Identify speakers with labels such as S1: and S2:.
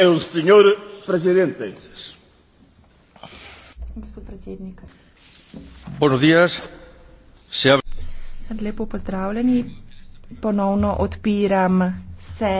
S1: el señor presidente.
S2: Buenos días. Se ha...
S3: Lepo pozdravljeni.
S4: Ponovno odpiram se.